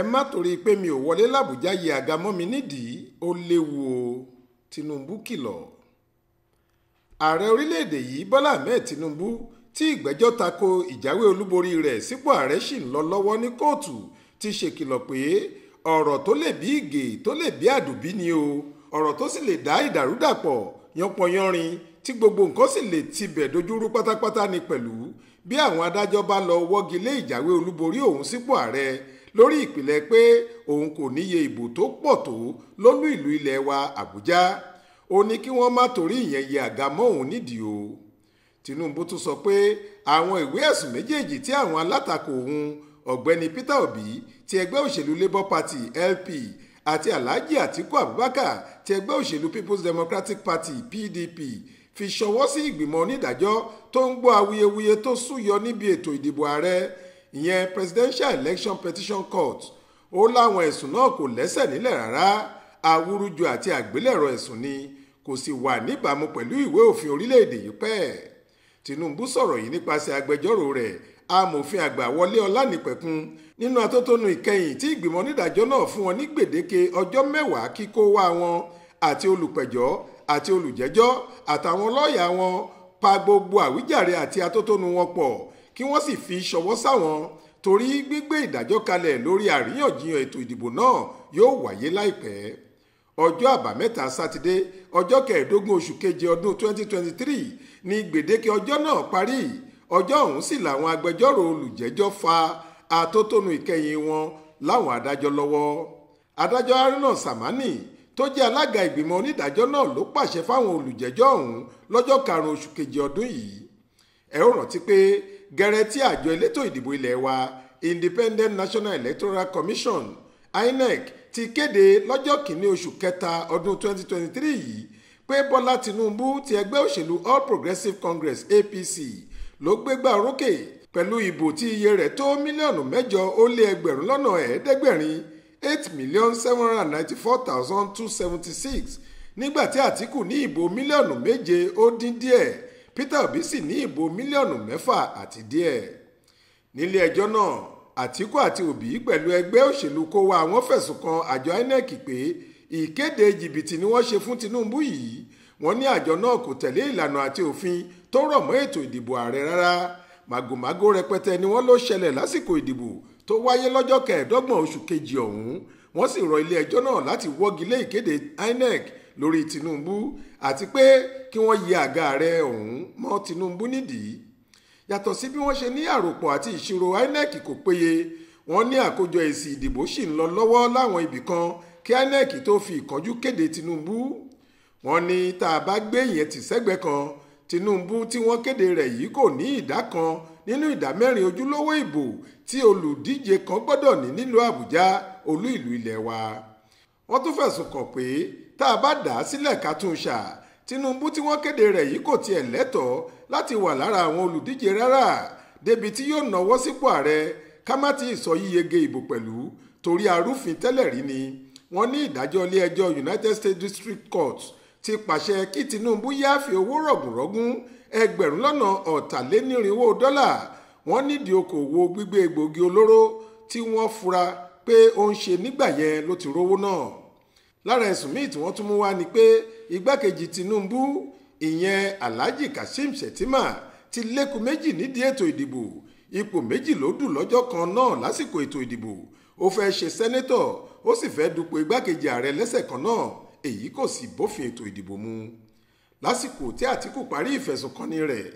ẹ má torí pé mi ò wọlé làbújá yẹ àga mọ́ mi nídìí ó léwu o Tinubu kìlọ̀ ààrẹ orílẹ̀-èdè yìí Bọ́lá Ahmed Tinubu tí ìgbẹ́jọ́ tako ìjáwé olúborí rẹ̀ sípò ààrẹ ṣì ń lọ lọ́wọ́ ní kóòtù ti ṣèkìlọ̀ pé ọ̀rọ̀ tó lè bí ìgè tó lè bí àdùbí ni o ọ̀rọ̀ tó sì lè dá ìdàrúdàpọ̀ yanpọ̀yanrin tí gbogbo nǹkan sì lè tibẹ̀ dojúrú pátápátá ni pẹ̀lú bí àwọn adájọ́ bá lọ wọ́gi lé ìjáwé olúborí òun sípò ààrẹ lórí ìpìlẹ̀ pé òun kò níye ìbò tó pọ̀ tó lólú ìlú ilẹ̀ wa Àbújá ó ní kí wọ́n má torí ìyẹn yẹ àga mọ́ òun nídìí o Tinubu tún sọ pé àwọn ìwé ẹ̀sùn méjèèjì tí àwọn alátakò òun ọ̀gbẹ́ni Peter Obi ti ẹgbẹ́ òṣèlú Labour Party LP àti Alhaji Atiku Abubakar ti ẹgbẹ́ òṣèlú People's Democratic Party PDP fi ṣọwọ́ sí ìgbìmọ̀ onídàájọ́ tó ń gbọ́ awuyewuye tó súyọ níbi ètò ìdìbò ààrẹ ìyẹn presidential election petition court ó láwọn ẹ̀sùn náà kò lẹ́sẹ̀ nílẹ̀ rárá awúrúju àti àgbélẹ̀rọ ẹ̀sùn ni kò sì wà níbàámu pẹ̀lú ìwé òfin orílẹ̀-èdè yìí pẹ́ẹ́ Tinubu sọ̀rọ̀ yìí nípasẹ̀ agbẹjọ́rò rẹ̀ amòfin àgbà Wọlé Ọlánìpẹ̀kun nínú atótónu ìkẹyìn tí ìgbìmọ̀ onídàájọ́ náà fún wọn ní gbèdéke ọjọ́ mẹ́wàá kíkó wá wọn àti olùpẹ̀jọ́ àti olùjẹ́jọ́ àtàwọn lọ́ọ̀yà wọn pa gbogbo àwíjàre àti atótónu wọn pọ̀ kí wọ́n sì fi ṣọwọ́ sáwọn torí gbígbé ìdájọ́ kalẹ̀ lórí àríyànjiyàn ètò ìdìbò náà yóò wáyé láìpẹ́ ọjọ́ àbámẹ́ta sátidé ọjọ́ kẹẹ̀ẹ́dógún oṣù keje ọdún 2023 ni gbèdéke ọjọ́ náà parí ọjọ́ ọ̀hún sì làwọn agbẹjọ́rò olùjẹ́jọ́ fa àtótónu ìkẹyìn wọn láwọn adájọ́ lọ́wọ́ adájọ́ haruna samani tó jẹ́ alága ìgbìmọ̀ onídàájọ́ náà ló pàṣẹ fáwọn olùjẹ́jọ́ ọ̀hún lọ́jọ́ karùn-ún oṣù keje ọdún yìí ẹ rántí pé gẹ́rẹ́ tí àjọ elétò ìdìbò ilé wa Independent National Electoral Commission INEC ti kéde lọ́jọ́ kìíní oṣù kẹta ọdún 2023 yìí pé Bọ́lá Tinubu ti ẹgbẹ́ òṣèlú All Progressives Congress APC ló gbégbá orókè pẹ̀lú ìbò tí iye rẹ̀ tó mílíọ̀nù mẹ́jọ ó lé ẹgbẹ̀rún lọ́nà ẹ̀ẹ́dẹ́gbẹ̀rin eight million seven hundred ninety-four thousand two seventy-six nígbà tí Àtíkù ní ìbò mílíọ̀nù méje ó dín díẹ̀ Peter Obi sì ní ìbò mílíọ̀nù mẹ́fà àti díẹ̀ nílé ẹjọ́ náà Àtíkù àti Obi pẹ̀lú ẹgbẹ́ òṣèlú kówá wọn fẹ̀sùn kan àjọ INEC pé ìkéde jìbìtì ni wọ́n ṣe fún Tinubu yìí wọ́n ní àjọ náà kò tẹ̀lé ìlànà àti òfin tó rọ̀ mọ́ ètò ìdìbò ààrẹ rárá màgòmágó rẹpẹtẹ ni wọ́n ló ṣẹlẹ̀ lásìkò ìdìbò tó wáyé lọ́jọ́ kẹẹ̀ẹ́dọ́gbọ̀n oṣù kejì ọ̀hún wọ́n sì rọ ilé ẹjọ́ náà láti wọ́gi ìkéde INEC lórí Tinubu àti pé kí wọ́n yí àga ààrẹ ọ̀hún mọ́ Tinubu nídìí yàtọ̀ sí bí wọ́n ṣe ní àròpọ̀ àti ìṣirò INEC kò péye wọ́n ní àkójọ èsì ìdìbò ṣì ń lọ lọ́wọ́ láwọn ibì kan kí INEC tó fi ìkánjú kéde Tinubu wọ́n ní tá a bá gbé ìyẹn tì sẹ́gbẹ̀ẹ́ kan Tinubu tí wọ́n kéde rẹ̀ yìí kò ní ìdá kan nínú ìdá mẹ́rin ojúlówó ìbò tí olùdíje kan gbọ́dọ̀ ní nílùú Àbújá olú ìlú ilẹ̀ wa wọ́n tún fẹ̀sùn kàn pé tá a bá dà á sílẹ̀ ká tún ṣà Tinubu tí wọ́n kéde rẹ̀ yìí kò tiẹ̀ lẹ́tọ̀ọ́ láti wà lára àwọn olùdíje rárá débi tí yóò náwó sípò ààrẹ ká má ti sọ yíyege ìbò pẹ̀lú torí arúfin tẹ́lẹ̀ rí ni wọ́n ní ìdájọ́ ilé United States District Court ti pàṣẹ kí Tinubu yááfi owó rọ̀gùnrọ̀gùn ẹgbẹ̀rún lọ́nà ọ̀tàlénírínwó dọ́là wọ́n nídìí okòwò gbígbé egbògi olóró tí wọ́n fura pé ó ń ṣe nígbà yẹn ló ti rówó náà lára ẹ̀sùn míì tí wọ́n tún mú wá ni pé igbákejì Tinubu ìyẹn Alhaji Kashim Shettima ti lékun méjì nídìí ètò ìdìbò ipò méjì ló dù lọ́jọ́ kan náà lásìkò ètò ìdìbò ó fẹ́ ṣe sẹ́nẹ́tọ̀ ó sì fẹ́ dupò igbákejì ààrẹ lẹ́sẹ̀ kan náà èyí kò sì bófin ètò ìdìbò mu lásìkò tí Àtíkù parí ìfẹ̀sùnkanni rẹ̀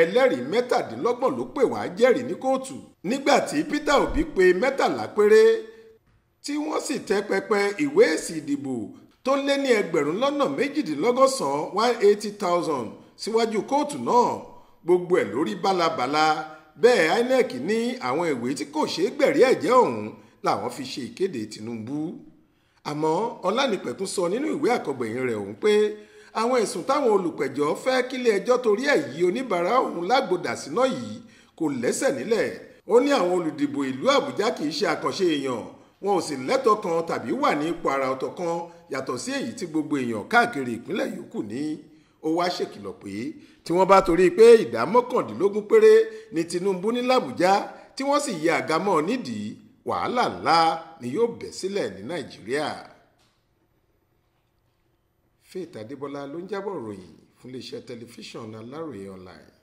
ẹlẹ́rìí mẹ́tàdínlọ́gbọ̀n ló pè wá jẹ́rìí ní kóòtù nígbà tí Peter Obi pè mẹ́tàlá péré tí wọ́n sì tẹ́ pẹpẹ ìwé èsì ìdìbò tó lé ní ẹgbẹ̀rún lọ́nà méjìdínlọ́gọ́sàn-án one eighty thousand síwájú kóòtù náà gbogbo ẹ̀ lórí bálabàla bẹ́ẹ̀ INEC ní àwọn ìwé tí kò ṣeé gbẹ̀rí ẹ̀jẹ̀ ọ̀hún làwọn fi ṣe ìkéde Tinubu àmọ́ Ọlánìpẹ̀kun sọ nínú ìwé àkọgbẹ̀yìn rẹ̀ ọ̀hún pé àwọn ẹ̀sùn táwọn olùpẹ̀jọ́ fẹ́ kílé ẹjọ́ torí ẹ̀ yí oníbàárà ọ̀hún lágbòdà síná yìí kò lẹ́sẹ̀ nílẹ̀ ó ní àwọn olùdìbò ìlú Àbújá kì í ṣe àkànṣe èèyàn wọn ò sì lẹ́tọ̀ọ́ kan tàbí wà ní ipò ara ọ̀tọ̀ kan yàtọ̀ sí èyí tí gbogbo èèyàn káàkiri ìpínlẹ̀ yòókù ní ó wá ṣèkìlọ̀ pé tí wọ́n bá torí pé ìdá mọ́kàndínlógún péré ni Tinubu ní làbújá tí wọ́n sì yẹ àga mọ́ ọ nídìí wàhálà ńlá ni yóò bẹ́ sílẹ̀ ní Nàìjíríà. Faith Adébọlá ló ń jábọ̀ ròyìn fún iléeṣẹ́ tẹlifíṣàn Aláròye online.